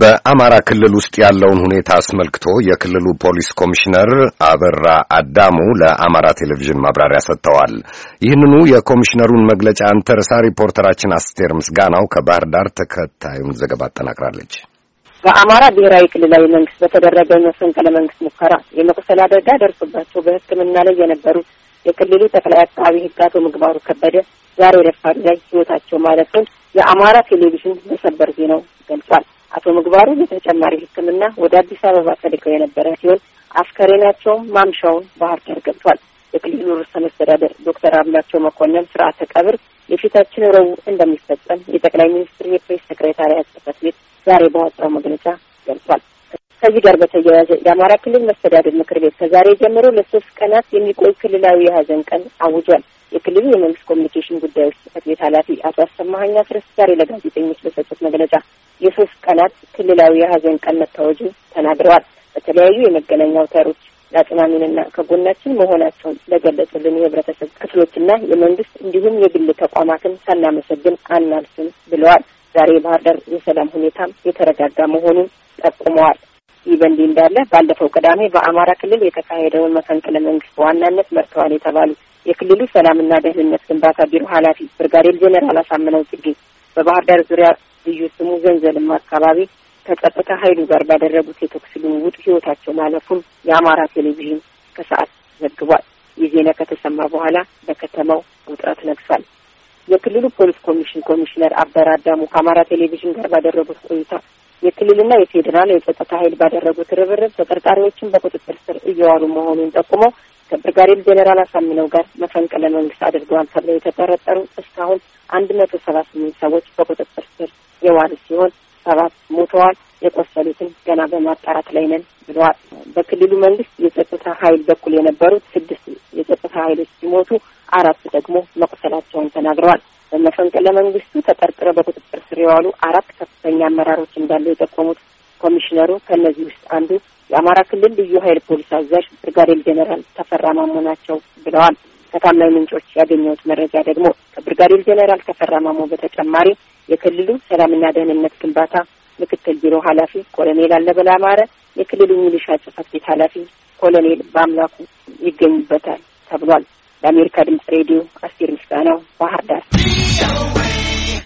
በአማራ ክልል ውስጥ ያለውን ሁኔታ አስመልክቶ የክልሉ ፖሊስ ኮሚሽነር አበራ አዳሙ ለአማራ ቴሌቪዥን ማብራሪያ ሰጥተዋል። ይህንኑ የኮሚሽነሩን መግለጫ አንተርሳ ሪፖርተራችን አስቴር ምስጋናው ከባህር ዳር ተከታዩን ዘገባ አጠናቅራለች። በአማራ ብሔራዊ ክልላዊ መንግስት በተደረገ መፈንቅለ መንግስት ሙከራ የመቁሰል አደጋ ደርሶባቸው በሕክምና ላይ የነበሩት የክልሉ ጠቅላይ አቃቢ ሕግ አቶ ምግባሩ ከበደ ዛሬ ረፋዱ ላይ ህይወታቸው ማለፉን የአማራ ቴሌቪዥን መሰበር ዜናው ገልጿል። አቶ ምግባሩ ለተጨማሪ ሕክምና ወደ አዲስ አበባ ተልከው የነበረ ሲሆን አስከሬናቸውም ማምሻውን ባህር ዳር ገብቷል። የክልሉ ርዕሰ መስተዳደር ዶክተር አምላቸው መኮንን ስርዓተ ቀብር የፊታችን ረቡዕ እንደሚፈጸም የጠቅላይ ሚኒስትር የፕሬስ ሴክሬታሪያ ጽህፈት ቤት ዛሬ ባወጣው መግለጫ ከዚህ ጋር በተያያዘ የአማራ ክልል መስተዳደር ምክር ቤት ከዛሬ ጀምሮ ለሶስት ቀናት የሚቆይ ክልላዊ የሀዘን ቀን አውጇል። የክልሉ የመንግስት ኮሚኒኬሽን ጉዳዮች ጽህፈት ቤት ኃላፊ አቶ አሰማሀኛ ስረስ ዛሬ ለጋዜጠኞች በሰጡት መግለጫ የሶስት ቀናት ክልላዊ የሀዘን ቀን መታወጁ ተናግረዋል። በተለያዩ የመገናኛ አውታሮች ለአጽናሚንና ከጎናችን መሆናቸውን ለገለጹልን የህብረተሰብ ክፍሎችና የመንግስት እንዲሁም የግል ተቋማትን ሳናመሰግን አናልፍም ብለዋል። ዛሬ የባህር ዳር የሰላም ሁኔታም የተረጋጋ መሆኑን ጠቁመዋል። ይህ በእንዲህ እንዳለ ባለፈው ቅዳሜ በአማራ ክልል የተካሄደውን መፈንቅለ መንግስት በዋናነት መርተዋል የተባሉ። የክልሉ ሰላምና ደህንነት ግንባታ ቢሮ ኃላፊ ብርጋዴር ጄኔራል አሳምነው ጽጌ በባህር ዳር ዙሪያ ልዩ ስሙ ዘንዘልማ አካባቢ ከጸጥታ ኃይሉ ጋር ባደረጉት የተኩስ ልውውጥ ህይወታቸው ማለፉን የአማራ ቴሌቪዥን ከሰዓት ዘግቧል። ይህ ዜና ከተሰማ በኋላ በከተማው ውጥረት ነግሷል። የክልሉ ፖሊስ ኮሚሽን ኮሚሽነር አበራ አዳሙ ከአማራ ቴሌቪዥን ጋር ባደረጉት ቆይታ የክልልና የፌዴራል የጸጥታ ኃይል ባደረጉት ርብርብ ተጠርጣሪዎችን በቁጥጥር ስር እየዋሉ መሆኑን ጠቁመው ከብርጋዴር ጄኔራል አሳምነው ጋር መፈንቅለ መንግስት አድርገዋል ተብለው የተጠረጠሩ እስካሁን አንድ መቶ ሰባ ስምንት ሰዎች በቁጥጥር ስር የዋሉ ሲሆን ሰባት ሞተዋል። የቆሰሉትን ገና በማጣራት ላይ ነን ብለዋል። በክልሉ መንግስት የጸጥታ ኃይል በኩል የነበሩት ስድስት የጸጥታ ኃይሎች ሲሞቱ አራት ደግሞ መቁሰላቸውን ተናግረዋል። በመፈንቅለ መንግስቱ ተጠርጥረው በቁጥጥር ስር የዋሉ አራት ከፍተኛ አመራሮች እንዳሉ የጠቆሙት ኮሚሽነሩ ከእነዚህ ውስጥ አንዱ የአማራ ክልል ልዩ ኃይል ፖሊስ አዛዥ ብርጋዴር ጄኔራል ተፈራ ማሞ ናቸው ብለዋል። ከታማኝ ምንጮች ያገኘሁት መረጃ ደግሞ ከብርጋዴር ጄኔራል ተፈራ ማሞ በተጨማሪ የክልሉ ሰላምና ደህንነት ግንባታ ምክትል ቢሮ ኃላፊ ኮሎኔል አለበላ አማረ፣ የክልሉ ሚሊሻ ጽህፈት ቤት ኃላፊ ኮሎኔል በአምላኩ ይገኙበታል ተብሏል። ለአሜሪካ ድምጽ ሬዲዮ አስቴር ምስጋናው ባህር ዳር